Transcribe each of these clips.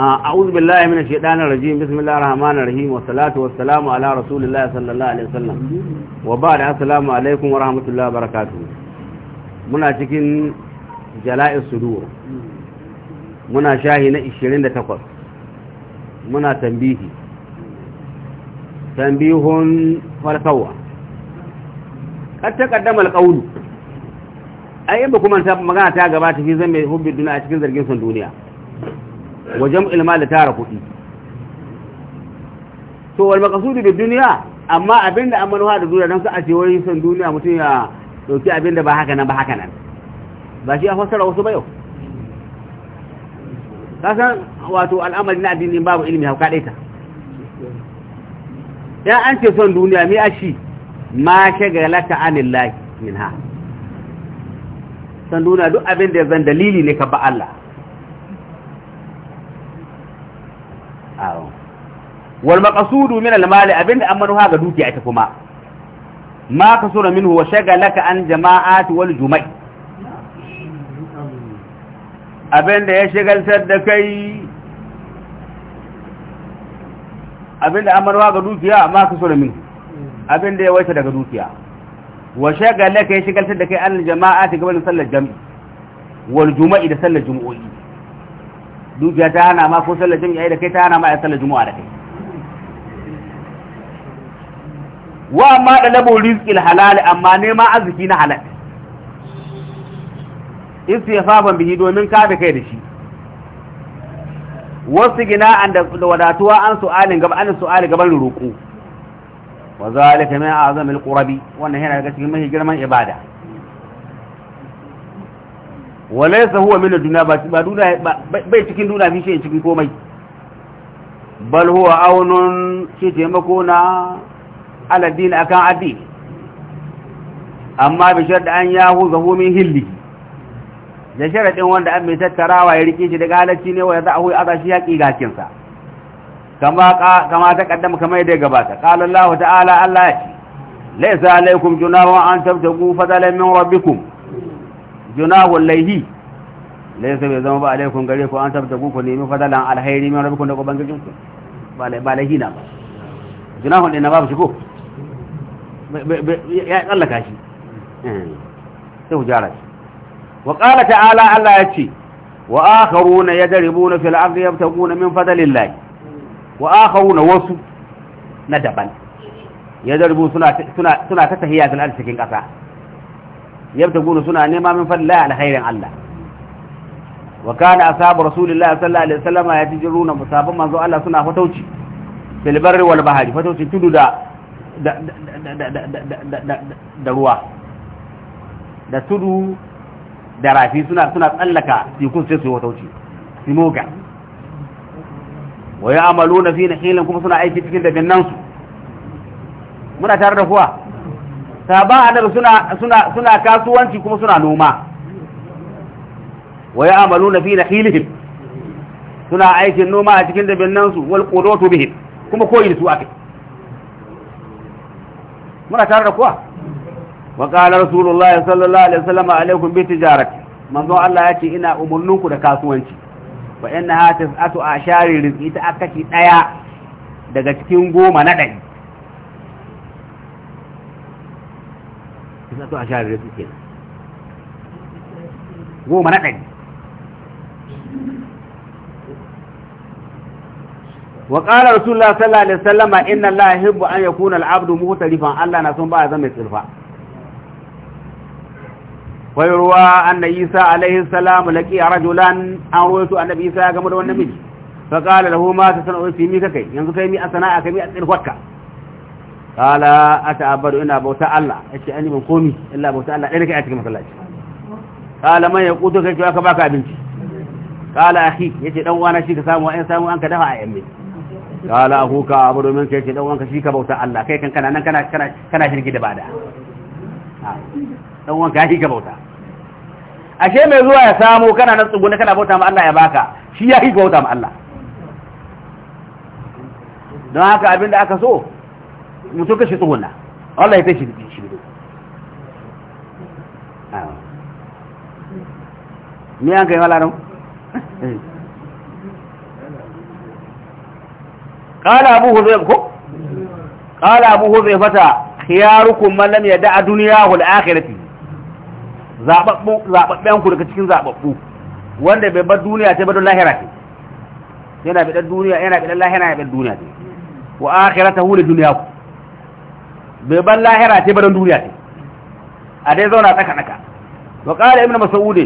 أعوذ بالله من الشيطان الرجيم بسم الله الرحمن الرحيم والصلاة والسلام على رسول الله صلى الله عليه وسلم وبعد السلام عليكم ورحمة الله وبركاته منا cikin jala'i sudur muna shahi na 28 muna tambihi tambihun farkawa kad taqaddama alqawl ai ba kuma magana ta gabata fi zan mai hubbi duniya cikin zargin son duniya wa ilma mal tara kuɗi to wal maqsudu bid dunya amma abinda an manuwa da duniya dan su a ce wai son duniya mutum ya dauki abinda ba haka nan ba haka nan ba shi a fassara wasu ba yau kasan wato al'amari na addini babu ilimi hauka ɗaya ta ya an ce son duniya mi ashi ma shagalaka anillahi minha san duniya duk abin da ya zan dalili ne ka ba Allah wal maqsudu min al mali abinda amanu ha ga dukiya ita kuma ma kasura minhu wa shagalaka an jama'ati wal juma'i abinda ya shagaltar da kai abinda amanu manuha ga dukiya ma kasura minhu abinda ya waita daga dukiya wa shagalaka ya shagaltar da kai an jama'ati gaban sallar jami'i wal juma'i da sallar jumu'i dukiya ta hana ma ko sallar jami'a da kai ta hana ma ya sallar juma'a da kai wa amma da labo rizqil halal amma neman arziki na halal istifafan bihi domin ka da kai da shi wasu gina an da wadatuwa an su'alin gaban an su'ali gaban roƙo wa zalika min azamil qurabi wannan yana daga cikin mahi girman ibada sa huwa min duniya ba duna bai cikin duna bi shi cikin komai bal huwa aunun shi taimako na aladdin akan addini amma bi sharda an hu zahu min hilli da sharadin wanda an mai tattarawa ya rike shi daga halacci ne wa za a ya aza shi haƙi gakin sa kama ta kaddama kama yadda gabata qala Allah ta'ala Allah ya ce laysa alaikum junahu an tabtagu fadalan min rabbikum junahul laihi laysa bai zama ba alaikum gare ku an ku nemi fadalan alhairi min rabbikum da ku ba ba na ba junahul din babu ya tsallaka shi eh, sai hujara shi wa qala ta'ala ya ce wa akharuna yadribuna fil ardi min fadlillahi wa akharuna wasu na daban yadribu suna suna suna ta ardi cikin kasa yabtaguna suna nema min fadlillahi alkhairin Allah wa kana ashabu rasulillahi sallallahu alaihi wasallam yatijruna musabban manzo Allah suna fatauci fil barri wal bahri fatauci tudu da da ruwa da tudu da rafi suna suna tsallaka tekun sai su fatauci simoga wa ya'maluna fi nahilin kuma suna aiki cikin dabin nan su muna tare da kuwa sabon annabi suna suna suna kasuwanci kuma suna noma wa ya'maluna fi nahilihim suna aikin noma a cikin nan su wal qudutu bihi kuma koyi su akai muna tare da kuwa wa qala rasulullahi sallallahu alaihi wasallam alaikum bi tijarati manzo Allah ce ina umurninku da kasuwanci wa inna hatis atu ashari rizqi ta akashi daya daga cikin goma na dai kaso a sha biyar suke goma na ɗari wa ƙara rasulullah sallallahu alaihi wasallam inna allaha yuhibbu an yakuna al-abdu muhtalifan allah na son ba zama mai tsirfa ويروى أن عيسى عليه السلام لقي رجلا أن رويت أن عيسى قمر والنبي فقال له ما تسنع في ميكك ينزل كيمي أسناءك مئة kala a ta'abbadu ina bauta Allah ya ce an yi ban komi illa bauta Allah ɗaya da kai a cikin masallaci kala mai ya kuto kai ka baka abinci kala ahi ya ce ɗan shi ka samu wa'yan samu an ka dafa a yamme kala ahu ka abu domin kai ce ɗan uwanka shi ka bauta Allah kai kan kana nan kana shirki da bada ɗan ya shi ka bauta ashe mai zuwa ya samu kana nan tsugune kana bauta ma Allah ya baka shi ya yi bauta ma Allah don haka abinda aka so mutum kashi tsohona Allah ya fi shi bido ni an kai malarin ƙala abu huzai ko ƙala abu zai fata khiyarukun mallam ya da'a duniya hul akhirati zababbu zababben ku daga cikin zaɓaɓɓu wanda bai bar duniya ta bar lahira ce yana bi duniya yana bi lahira ya bar duniya ce wa akhiratahu duniya ku. bai ban lahira ce ba don duniya ce a dai zauna tsaka tsaka wa qala ibnu mas'ud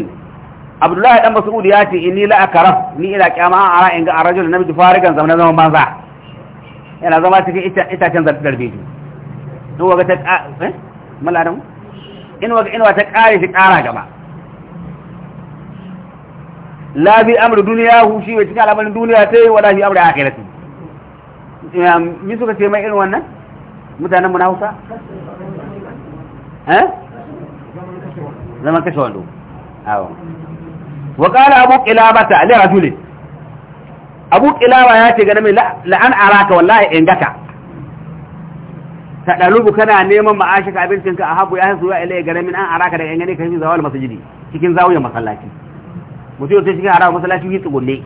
abdullahi dan mas'ud ya ce inni la akraf ni ila qiyama an ara inga arajul namiji farigan zaman zaman banza yana zama cikin itacen darbeji in waga ta eh malaran in waga in ta kare shi kara gaba la bi amru hu shi wa cikin al'amarin duniya tai wala bi amru akhirati me suka ce mai irin wannan mutanen mu na Hausa eh zaman kashe wando awo wa qala abu ta li rajuli abu qilaba ya ce ga mai la'an araka wallahi in gaka ta dalubu kana neman ka abincin ka ahabu ya zuwa ilai ga min an araka daga gane kai zawal masjidi cikin zawuyan masallaci mutum sai cikin harawa masallaci yi tsugunne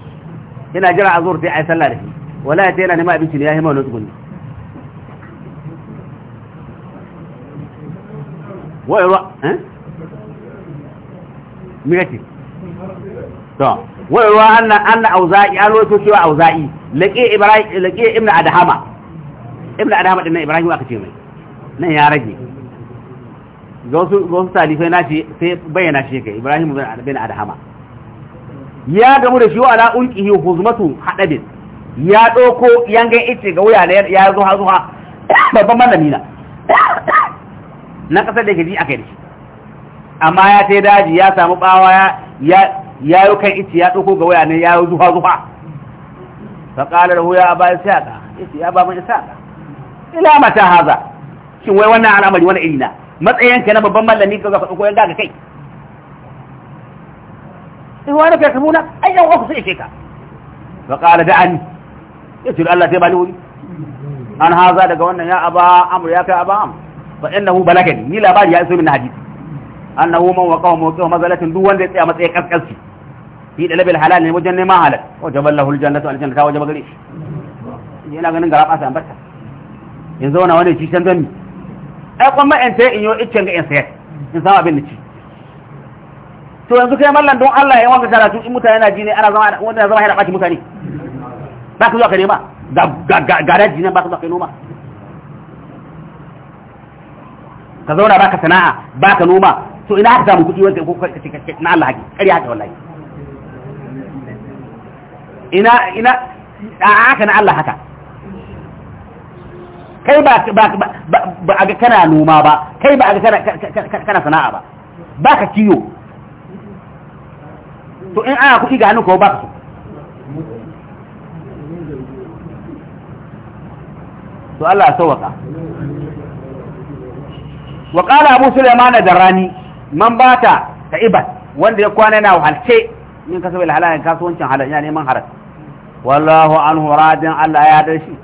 yana jira azur sai yi sallah da shi wallahi sai yana neman abinci ya yi hima wani tsugunne wayarwa eh mirati to wayarwa anna anna auza'i an roto cewa auza'i laqi ibrahim laqi ibnu adhama ibnu adhama ibrahim aka ce mai nan ya rage ga wasu ga wasu talifai na shi sai bayyana shi kai ibrahim bin Adahama ya gamu da shi wa ala ulqihi huzmatu hadabin ya doko yangan ice ga wuya ya zo ha zo babban malami na na ƙasar da gaji aka yi amma ya ta daji ya samu ɓawa ya yi kan iti, ya ɗauko ga waya ne ya yi zuwa zuwa faƙalar da huya ba ya saƙa ice ya ba mai saƙa ila mata haza shin wai wannan al'amari wani iri na matsayinka na babban mallami ka ga faɗo yadda daga kai in wani kai ka ai yan uku sai ka faƙalar da an ya ce Allah sai ba ni wuri an haza daga wannan ya aba amur ya kai aba amur fa innahu balagani ni labari ya iso min hadisi annahu man waqaw mawqi'u mazalatin duk wanda ya tsaya matsayin kaskanci fi dalabil halal ne wajen neman halal wajaba lahu aljannatu aljannatu wajaba gare shi yana ganin garaba sai ambata yanzu wani wani ci can zami ai kuma in sai in yo iccen ga sayar in ci to yanzu kai mallan don Allah wanka karatu in mutane na ji ne ana zama wanda zama yana baki mutane ba ka zuwa ka nema ga ga ga ba ka zuwa noma ka zauna baka sana'a baka noma to ina aka samu kuɗi wanda ko kace na Allah haƙi ƙarya haka wallahi ina ina a haka na Allah haka kai ba ba ba a ga kana noma ba kai ba a ga kana kana sana'a ba baka kiyo to in ana kuɗi ga hannun ko ba to Allah ya sauwaka wa qala abu sulaiman darani man bata wanda ya kwana yana halce min kasabe halalan kasuwancin halal yana neman haram wallahu anhu radin Allah ya dar shi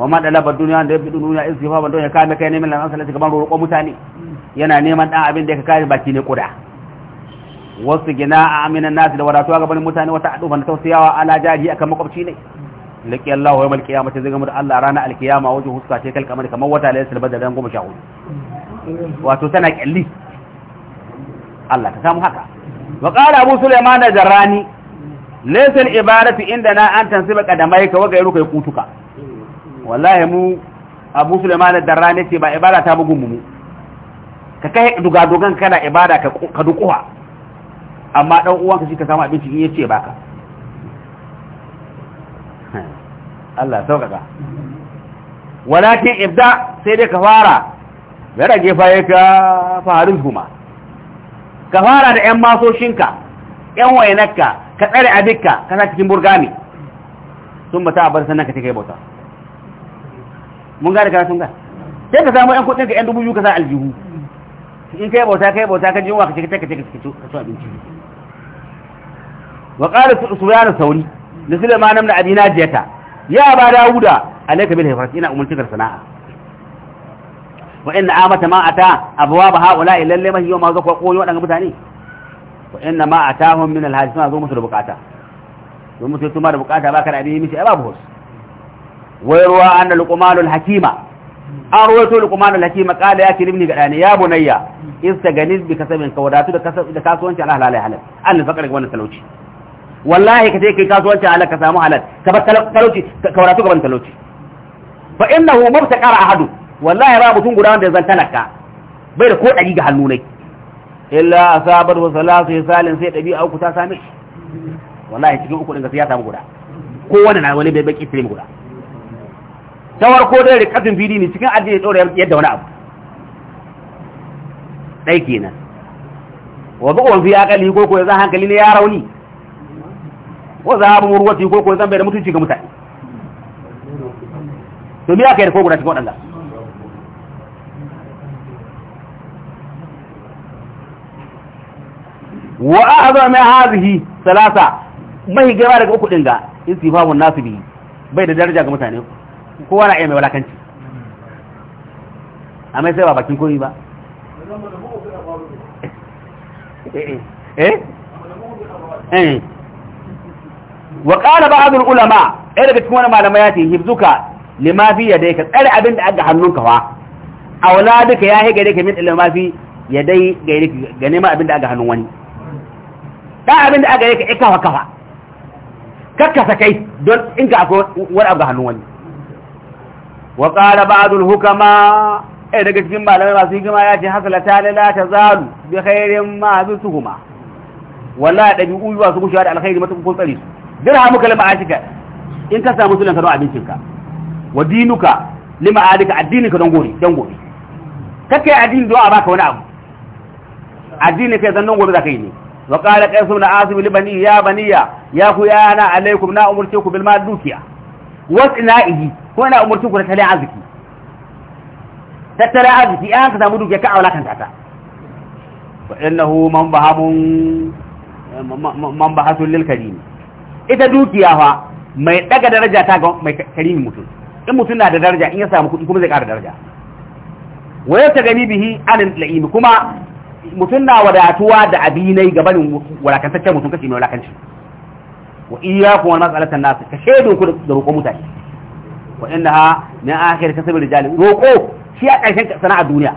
wa ma dalaba duniya da yabi duniya in sifa ban don ya kame kai neman lan asalati kamar roƙo mutane yana neman dan abin da ya kare baki ne kuda wasu gina a aminan nasu da wadatuwa gaban mutane wata tausayawa ala jaji akan makwabci ne laki Allah wa yawmal qiyamati zai gamu da Allah ranar alkiyama huska ce kamar wata laysa goma sha hudu wato tana kyalli Allah ka samu haka wa qala abu sulaiman jarrani laysa al-ibadatu indana an tansiba waga wa kai kutuka wallahi mu abu sulaiman jarrani ce ba ibada ta bugun mu ka kai duga dogan kana ibada ka ka dukuwa amma dan ka shi ka samu abinci in yace baka Allah sauƙaƙa walakin ibda sai dai ka fara ya rage fa ya fa faharin huma ka fara da ƴan masoshinka ƴan wayanarka ka tsare abinka ka sa cikin burgami sun ba ta bar sannan ka take bauta mun gane kana sun ga sai ka samu ƴan kudin ka ƴan dubu biyu ka sa aljihu in kai bauta kai bauta ka jiwa ka ce ka take ka ci abinci wa qala suyan sauri da sulaiman ibn abi najiyata ya ba dauda alayka bil hifrat ina umurtikar sana'a wa inna amata ma ata a haula lalle mahi ma zo ko koyo wadannan mutane wa inna ma atahum min alhadith ma zo musu da bukata zo musu tuma da bukata baka da abin mishi ai babu hos wai ruwa anna luqmanul hakima an ruwaito luqmanul hakima qala ya kirimni gadani ya bunayya istaganiz bi kasabin ka wadatu da kasab da kasuwanci ala halal halal an ga wannan talauci wallahi kace kai kasuwanci ka samu ka wadatu ga talauci fa ahadu wallahi ba mutum guda wanda ya zanta talaka bai da ko dari ga hannu nai illa asabar wa salatu ya salin sai ɗabi'a uku ta sami. wallahi cikin uku ɗin ga sai ya samu guda ko wani na wani bai baki mu guda Tawar ko dai rikatin fili ne cikin addini ya dora yadda wani abu dai kenan wa wani fi kali ko ko zan hankali ne ya rauni ko za mu ruwati ko ko zan bai da mutunci ga mutane to me aka yi da ko guda cikin waɗanda wa a'zama hazihi salasa mai gaba daga uku ɗin ga in istifamun nasu biyu bai da daraja ga mutane kowa na iya mai walakanci mai sai ba bakin koyi ba eh, eh. Eh. wa eh ba azul ulama ɗaya daga cikin wani malamai ya ce hibzuka ya dai ka tsare abin da aka kawa a wala duka ya hege dake min ilma fi yadai ga ga neman abin da aka hannun wani da abin da aka yi ka kafa kafa kakkasa kai don in ka akwai wani abu ga hannun wani wa qala ba'd hukama eh daga cikin malamai masu hikima ya ce hasala ta la ta zalu bi khairin ma bisuhuma da dabi'u ba su gushewa da alkhairi mata kun tsari su dirha muka lima ashika in ka samu sulan ka don abincinka wa dinuka lima adika addininka don gobe don gobe kakkai addini don a baka wani abu addini kai zan don gobe za ka yi ne wa qala qaisu na azim ya baniya ya ya ana alaikum na umurce ku bil mal dukiya wasna'ihi ko na umurce ku da tare arziki tattare an ka samu dukiya ka aula kan tata wa innahu man bahamun man bahasul ita dukiya mai daga daraja ta ga mai mutum mutum na da daraja in ya samu kuɗi kuma zai ƙara daraja wa ta gani bihi an kuma mutum na wadatuwa da abinai gabanin walakantaccen mutum kashe mai walakanci wa iyyakum wal mas'alatan nas ka shedun ku da roƙo mutane wa innaha min akhir kasb rijal roƙo shi a ƙarshen sana'ar duniya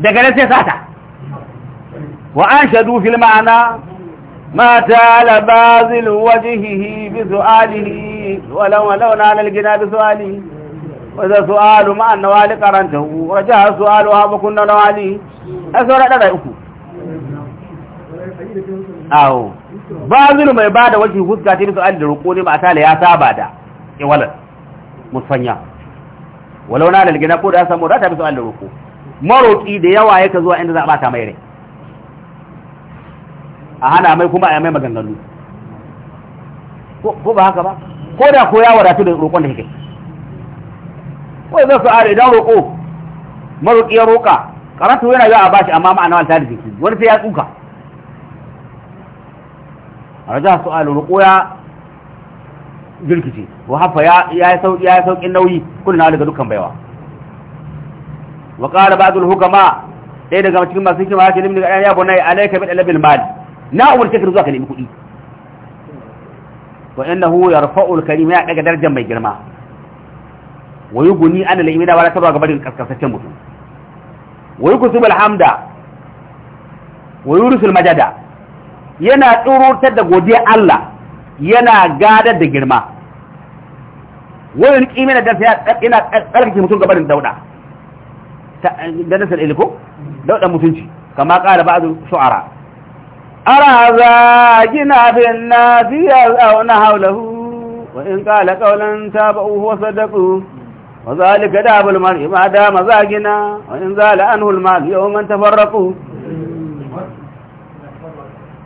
daga nan sai sata wa an anshadu fil ma'ana ma ta'ala bazil wajhihi bi su'alihi wa law law na al gina bi su'alihi wa za su'alu ma an nawali qarantahu wa ja su'alu ha kunna nawali ai saura uku awo mai ba da wajen huska ta nisu an da roƙo ne a da ya saba da iwalar eh, musanya walau na lalgina ko da ya samu rata bisa an da roƙo maroƙi da yawa yake zuwa inda za a bata mai rai a hana mai kuma a mai maganganu ko ba haka ba ko da ko ya wadatu da roƙon da yake ko zai su are idan roƙo maroƙi ya roƙa karatu yana yawa a bashi amma ma'ana wata da jiki wani sai ya tsuka raja su'alu ruqya jirkice wa hafa ya yi sauki ya sauki nauyi na daga dukkan baiwa wa qala ba'd al-hukama dai daga cikin masu hikima ya ce limni ya bunai alayka bil alabil mal na umar ka zuwa ka nemi kuɗi wa innahu yarfa'u al-karim ya daga darajar mai girma wa yuguni an al-imina wala tabra gabarin kaskasaccen mutum wa yukusibul hamda wa yurisul majada yana tsururtar da godiya Allah yana gadar da girma wani kimina da sai yana tsarkake mutum gabarin dauda da nasar iliko daudan mutunci kamar kara ba'du shu'ara ara zagina bin nasi yaz'auna hawlahu wa in qala qawlan tabu'u wa sadaqu وذلك داب المرء ما دام زاجنا وإن زال عنه المال يوما تفرقوا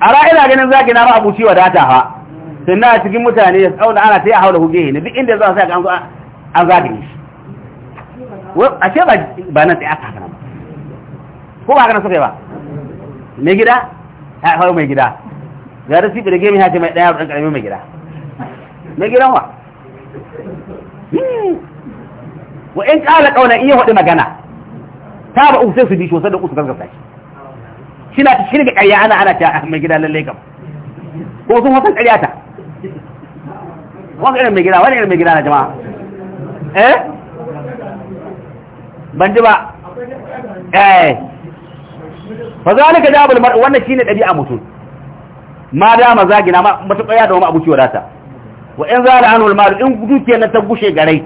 أرى إلى جنة زاجنا رأبو شيء وداتها سنة تجي متاني يسأل أنا تي أحوله جيهن دي إندي زاجنا ساك أن زاجني أشياء بانت أكاكنا ko ba haka na suka yi ba mai gida ya faru mai gida ga da sifi da gemi haka mai ɗaya a ƙarfi mai gida mai gidan wa wa in kala kauna iya hudu magana ta ba usai su bi shosa da usu gaggasa shi shina ta shirga ƙarya ana ana ta ah, mai gida lalle kam ko sun hasan ƙarya ta wani irin mai gida wani irin mai gida na jama'a eh ban ji ba eh fa ka ja bulmar wannan shine dabi'a mutum ma da ma zagina ma mutum ya da wani abu ciwo data wa in zara anul mal in dukiyar na ta gushe garai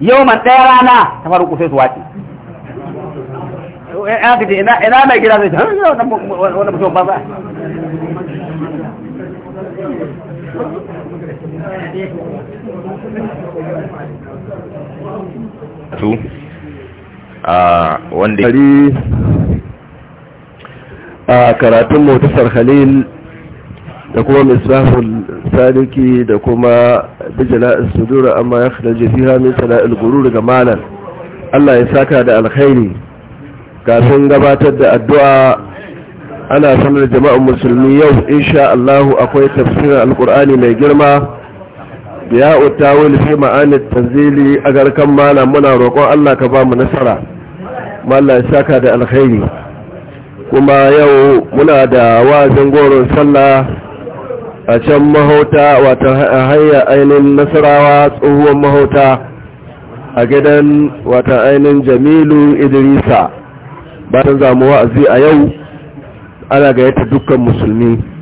Yau man ɗaya rana ta faru kusa su wace eh, ina ina mai gida zai ta ah, mutum ba ba su a wanda kari a karatun motasar khalil da kuma misrahul saliki da kuma bijila sudura amma ya kharaji fiha min al gurur ga malam Allah ya saka da alkhairi kafin gabatar da addu'a ana sanar jama'an musulmi yau insha Allah akwai tafsirin alkur'ani mai girma ya utawil fi ma'anit tanzili a garkan malam muna roƙon Allah ka ba mu nasara mallan ya saka da alkhairi kuma yau muna da wazin goro sallah a can mahauta wata hanyar ainihin nasarawa tsohuwan mahauta a gidan wata ainihin jamilu idrisa ta zamuwa a yau ana gayyata dukkan musulmi